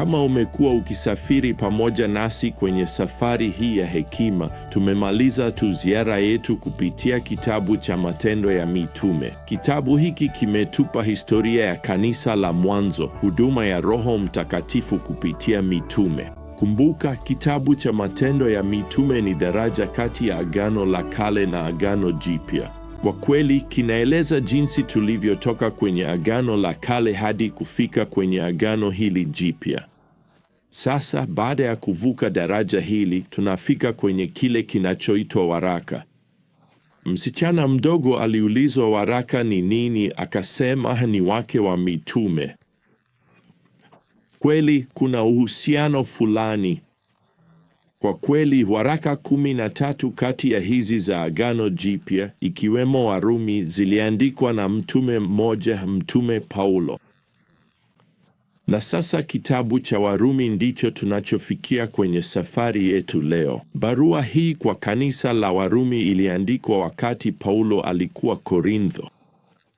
Kama umekuwa ukisafiri pamoja nasi kwenye safari hii ya hekima, tumemaliza tu ziara yetu kupitia kitabu cha Matendo ya Mitume. Kitabu hiki kimetupa historia ya kanisa la mwanzo, huduma ya Roho Mtakatifu kupitia mitume. Kumbuka, kitabu cha Matendo ya Mitume ni daraja kati ya Agano la Kale na Agano Jipya. Kwa kweli kinaeleza jinsi tulivyotoka kwenye Agano la Kale hadi kufika kwenye agano hili jipya. Sasa baada ya kuvuka daraja hili, tunafika kwenye kile kinachoitwa waraka. Msichana mdogo aliulizwa waraka ni nini, akasema ni wake wa mitume. Kweli kuna uhusiano fulani. Kwa kweli waraka kumi na tatu kati ya hizi za Agano Jipya, ikiwemo Warumi, ziliandikwa na mtume mmoja, Mtume Paulo. Na sasa kitabu cha Warumi ndicho tunachofikia kwenye safari yetu leo. Barua hii kwa kanisa la Warumi iliandikwa wakati Paulo alikuwa Korintho.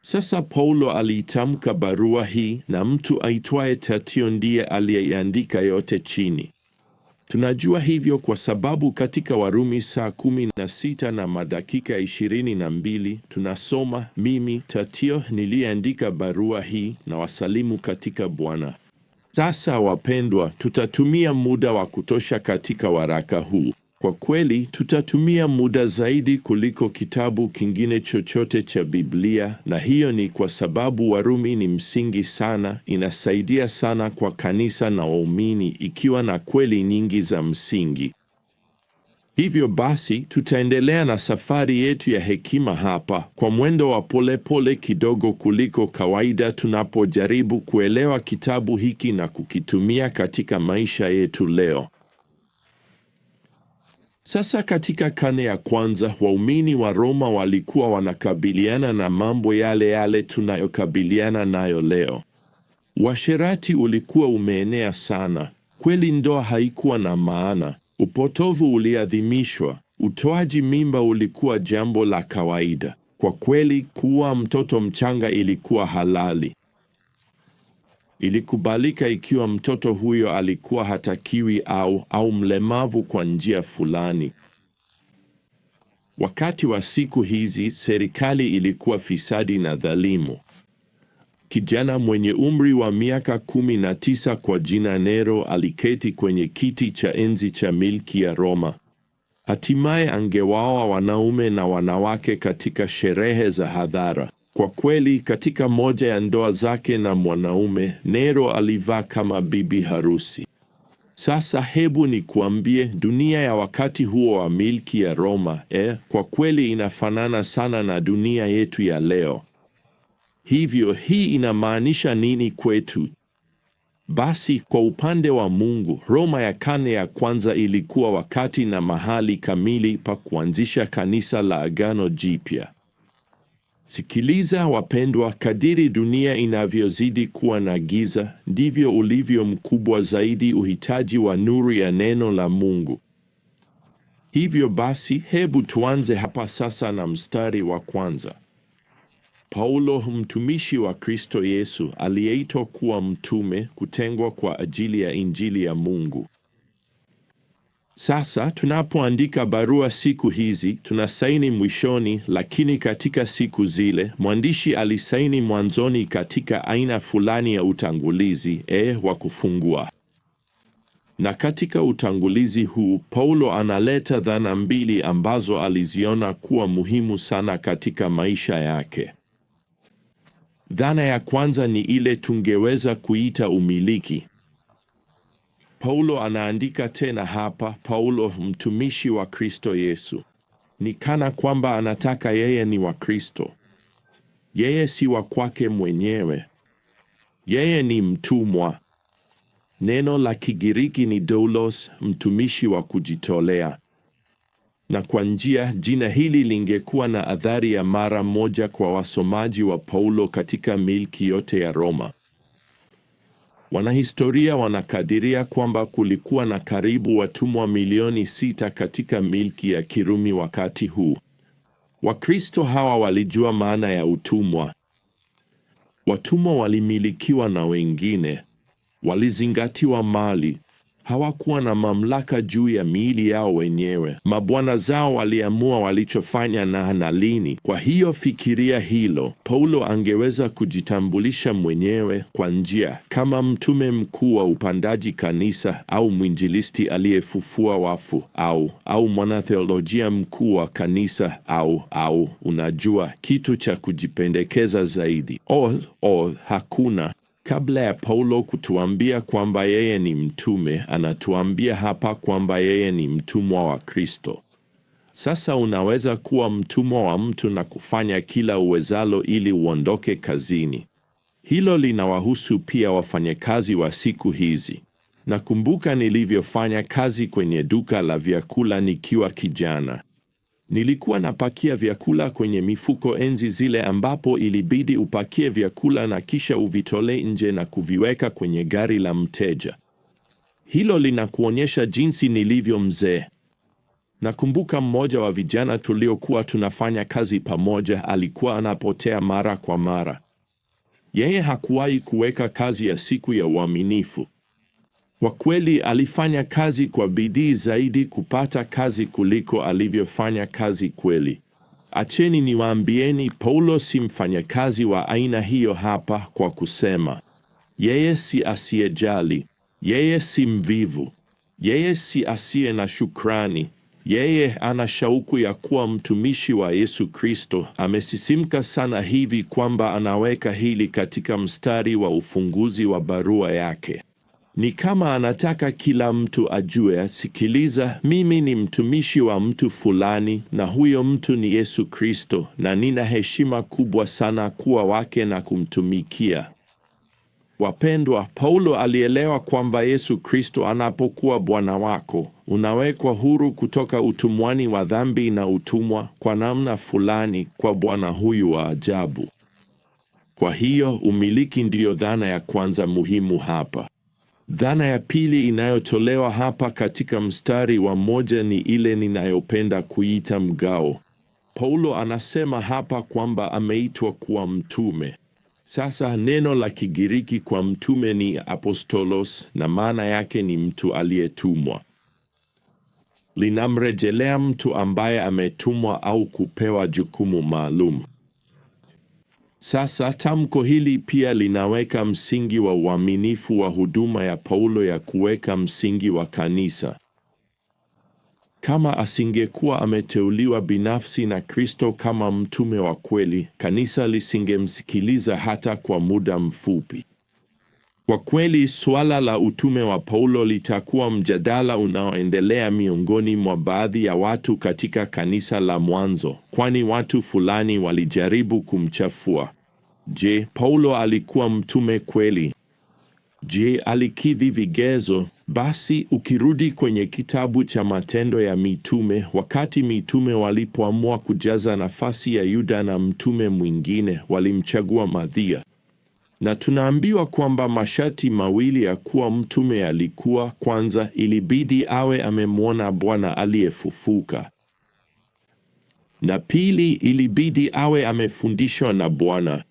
Sasa Paulo aliitamka barua hii na mtu aitwaye tatio ndiye aliyeiandika yote chini. Tunajua hivyo kwa sababu katika Warumi saa kumi na sita na madakika ishirini na mbili tunasoma, mimi Tatio niliyeandika barua hii na wasalimu katika Bwana. Sasa wapendwa, tutatumia muda wa kutosha katika waraka huu kwa kweli tutatumia muda zaidi kuliko kitabu kingine chochote cha Biblia, na hiyo ni kwa sababu Warumi ni msingi sana, inasaidia sana kwa kanisa na waumini, ikiwa na kweli nyingi za msingi. Hivyo basi, tutaendelea na safari yetu ya hekima hapa kwa mwendo wa polepole kidogo kuliko kawaida, tunapojaribu kuelewa kitabu hiki na kukitumia katika maisha yetu leo. Sasa katika kane ya kwanza waumini wa Roma walikuwa wanakabiliana na mambo yale yale tunayokabiliana nayo leo. Uasherati ulikuwa umeenea sana. Kweli ndoa haikuwa na maana, upotovu uliadhimishwa, utoaji mimba ulikuwa jambo la kawaida. Kwa kweli, kuwa mtoto mchanga ilikuwa halali. Ilikubalika ikiwa mtoto huyo alikuwa hatakiwi au au mlemavu kwa njia fulani. Wakati wa siku hizi, serikali ilikuwa fisadi na dhalimu. Kijana mwenye umri wa miaka kumi na tisa kwa jina Nero aliketi kwenye kiti cha enzi cha milki ya Roma. Hatimaye angewaoa wanaume na wanawake katika sherehe za hadhara. Kwa kweli, katika moja ya ndoa zake na mwanaume, Nero alivaa kama bibi harusi. Sasa hebu nikuambie, dunia ya wakati huo wa milki ya Roma eh, kwa kweli inafanana sana na dunia yetu ya leo. Hivyo hii inamaanisha nini kwetu? Basi kwa upande wa Mungu, Roma ya kane ya kwanza ilikuwa wakati na mahali kamili pa kuanzisha kanisa la Agano Jipya. Sikiliza wapendwa, kadiri dunia inavyozidi kuwa na giza, ndivyo ulivyo mkubwa zaidi uhitaji wa nuru ya neno la Mungu. Hivyo basi, hebu tuanze hapa sasa na mstari wa kwanza. Paulo, mtumishi wa Kristo Yesu, aliyeitwa kuwa mtume, kutengwa kwa ajili ya injili ya Mungu sasa tunapoandika barua siku hizi tunasaini mwishoni, lakini katika siku zile mwandishi alisaini mwanzoni katika aina fulani ya utangulizi e wa kufungua. Na katika utangulizi huu Paulo analeta dhana mbili ambazo aliziona kuwa muhimu sana katika maisha yake. Dhana ya kwanza ni ile tungeweza kuita umiliki. Paulo anaandika tena hapa, Paulo mtumishi wa Kristo Yesu. Ni kana kwamba anataka yeye ni wa Kristo. Yeye si wa kwake mwenyewe. Yeye ni mtumwa. Neno la Kigiriki ni doulos, mtumishi wa kujitolea. Na kwa njia, jina hili lingekuwa na athari ya mara moja kwa wasomaji wa Paulo katika milki yote ya Roma. Wanahistoria wanakadiria kwamba kulikuwa na karibu watumwa milioni sita katika milki ya Kirumi wakati huu. Wakristo hawa walijua maana ya utumwa. Watumwa walimilikiwa na wengine, walizingatiwa mali, hawakuwa na mamlaka juu ya miili yao wenyewe. Mabwana zao waliamua walichofanya na na lini. Kwa hiyo fikiria hilo. Paulo angeweza kujitambulisha mwenyewe kwa njia kama mtume mkuu wa upandaji kanisa au mwinjilisti aliyefufua wafu au au mwanatheolojia mkuu wa kanisa au au unajua, kitu cha kujipendekeza zaidi. O, o, hakuna Kabla ya Paulo kutuambia kwamba yeye ni mtume, anatuambia hapa kwamba yeye ni mtumwa wa Kristo. Sasa unaweza kuwa mtumwa wa mtu na kufanya kila uwezalo ili uondoke kazini. Hilo linawahusu pia wafanyakazi wa siku hizi. Nakumbuka nilivyofanya kazi kwenye duka la vyakula nikiwa kijana. Nilikuwa napakia vyakula kwenye mifuko enzi zile ambapo ilibidi upakie vyakula na kisha uvitole nje na kuviweka kwenye gari la mteja. Hilo linakuonyesha jinsi nilivyo mzee. Nakumbuka mmoja wa vijana tuliokuwa tunafanya kazi pamoja alikuwa anapotea mara kwa mara. Yeye hakuwahi kuweka kazi ya siku ya uaminifu. Kwa kweli alifanya kazi kwa bidii zaidi kupata kazi kuliko alivyofanya kazi kweli. Acheni niwaambieni, Paulo si mfanyakazi wa aina hiyo hapa kwa kusema yeye si asiyejali, yeye si mvivu, yeye si asiye na shukrani. Yeye ana shauku ya kuwa mtumishi wa Yesu Kristo. Amesisimka sana hivi kwamba anaweka hili katika mstari wa ufunguzi wa barua yake. Ni kama anataka kila mtu ajue, asikiliza, mimi ni mtumishi wa mtu fulani, na huyo mtu ni Yesu Kristo, na nina heshima kubwa sana kuwa wake na kumtumikia. Wapendwa, Paulo alielewa kwamba Yesu Kristo anapokuwa Bwana wako, unawekwa huru kutoka utumwani wa dhambi na utumwa kwa namna fulani kwa Bwana huyu wa ajabu. Kwa hiyo umiliki ndiyo dhana ya kwanza muhimu hapa. Dhana ya pili inayotolewa hapa katika mstari wa moja ni ile ninayopenda kuita mgao. Paulo anasema hapa kwamba ameitwa kuwa mtume. Sasa neno la Kigiriki kwa mtume ni apostolos, na maana yake ni mtu aliyetumwa. Linamrejelea mtu ambaye ametumwa au kupewa jukumu maalum. Sasa tamko hili pia linaweka msingi wa uaminifu wa huduma ya Paulo ya kuweka msingi wa kanisa. Kama asingekuwa ameteuliwa binafsi na Kristo kama mtume wa kweli, kanisa lisingemsikiliza hata kwa muda mfupi. Kwa kweli suala la utume wa Paulo litakuwa mjadala unaoendelea miongoni mwa baadhi ya watu katika kanisa la mwanzo, kwani watu fulani walijaribu kumchafua. Je, Paulo alikuwa mtume kweli? Je, alikidhi vigezo? Basi ukirudi kwenye kitabu cha Matendo ya Mitume, wakati mitume walipoamua kujaza nafasi ya Yuda na mtume mwingine, walimchagua madhia na tunaambiwa kwamba masharti mawili ya kuwa mtume alikuwa kwanza, ilibidi awe amemwona Bwana aliyefufuka, na pili, ilibidi awe amefundishwa na Bwana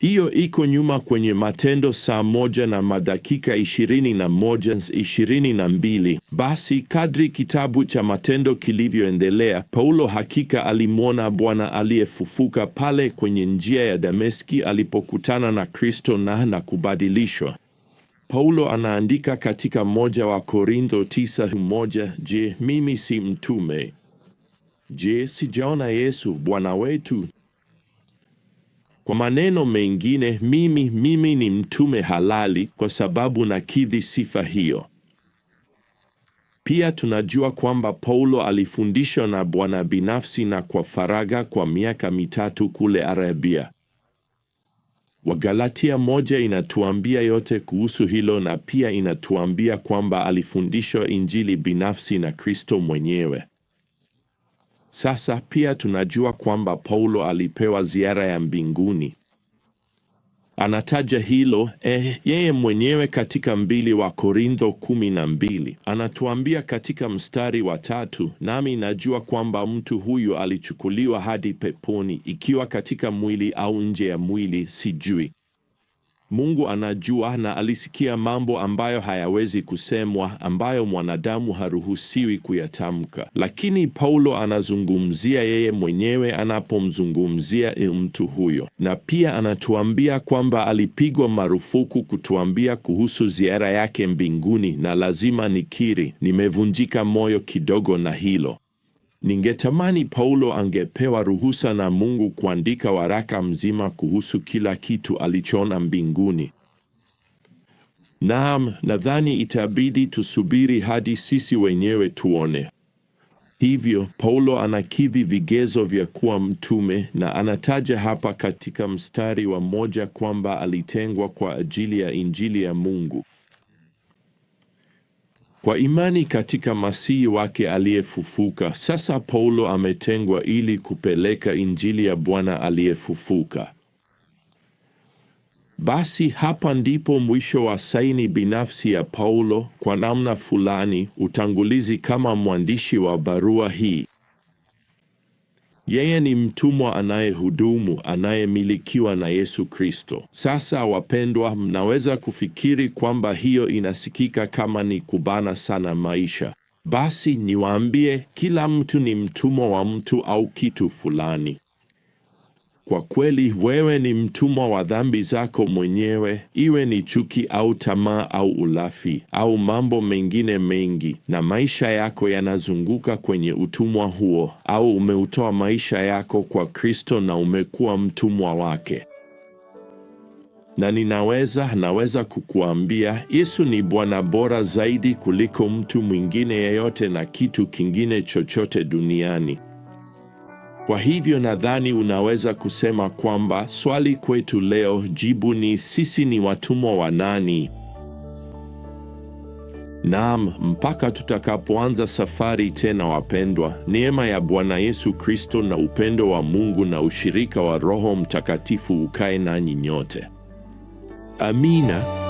hiyo iko nyuma kwenye Matendo saa moja na madakika ishirini na moja ishirini na mbili. Basi kadri kitabu cha Matendo kilivyoendelea, Paulo hakika alimwona Bwana aliyefufuka pale kwenye njia ya Dameski alipokutana na Kristo na na kubadilishwa. Paulo anaandika katika moja wa Korintho tisa moja, Je, mimi si mtume? Je, sijaona Yesu Bwana wetu? Kwa maneno mengine, mimi mimi ni mtume halali kwa sababu nakidhi sifa hiyo. Pia tunajua kwamba Paulo alifundishwa na Bwana binafsi na kwa faraga kwa miaka mitatu kule Arabia. Wagalatia moja inatuambia yote kuhusu hilo na pia inatuambia kwamba alifundishwa Injili binafsi na Kristo mwenyewe. Sasa pia tunajua kwamba Paulo alipewa ziara ya mbinguni. Anataja hilo eh, yeye mwenyewe katika mbili wa Korintho kumi na mbili anatuambia katika mstari wa tatu, nami najua kwamba mtu huyu alichukuliwa hadi peponi, ikiwa katika mwili au nje ya mwili sijui. Mungu anajua na alisikia mambo ambayo hayawezi kusemwa, ambayo mwanadamu haruhusiwi kuyatamka. Lakini Paulo anazungumzia yeye mwenyewe anapomzungumzia mtu huyo, na pia anatuambia kwamba alipigwa marufuku kutuambia kuhusu ziara yake mbinguni. Na lazima nikiri, nimevunjika moyo kidogo na hilo. Ningetamani Paulo angepewa ruhusa na Mungu kuandika waraka mzima kuhusu kila kitu alichoona mbinguni. Naam, nadhani itabidi tusubiri hadi sisi wenyewe tuone. Hivyo Paulo anakidhi vigezo vya kuwa mtume na anataja hapa katika mstari wa moja kwamba alitengwa kwa ajili ya Injili ya Mungu kwa imani katika Masihi wake aliyefufuka. Sasa Paulo ametengwa ili kupeleka Injili ya Bwana aliyefufuka. Basi hapa ndipo mwisho wa saini binafsi ya Paulo, kwa namna fulani utangulizi kama mwandishi wa barua hii. Yeye ni mtumwa anayehudumu anayemilikiwa na Yesu Kristo. Sasa wapendwa, mnaweza kufikiri kwamba hiyo inasikika kama ni kubana sana maisha. Basi niwaambie, kila mtu ni mtumwa wa mtu au kitu fulani. Kwa kweli wewe ni mtumwa wa dhambi zako mwenyewe, iwe ni chuki au tamaa au ulafi au mambo mengine mengi, na maisha yako yanazunguka kwenye utumwa huo, au umeutoa maisha yako kwa Kristo na umekuwa mtumwa wake. Na ninaweza naweza kukuambia Yesu ni Bwana bora zaidi kuliko mtu mwingine yeyote na kitu kingine chochote duniani. Kwa hivyo nadhani unaweza kusema kwamba swali kwetu leo jibu ni sisi ni watumwa wa nani? Naam, mpaka tutakapoanza safari tena wapendwa, neema ya Bwana Yesu Kristo na upendo wa Mungu na ushirika wa Roho Mtakatifu ukae nanyi nyote. Amina.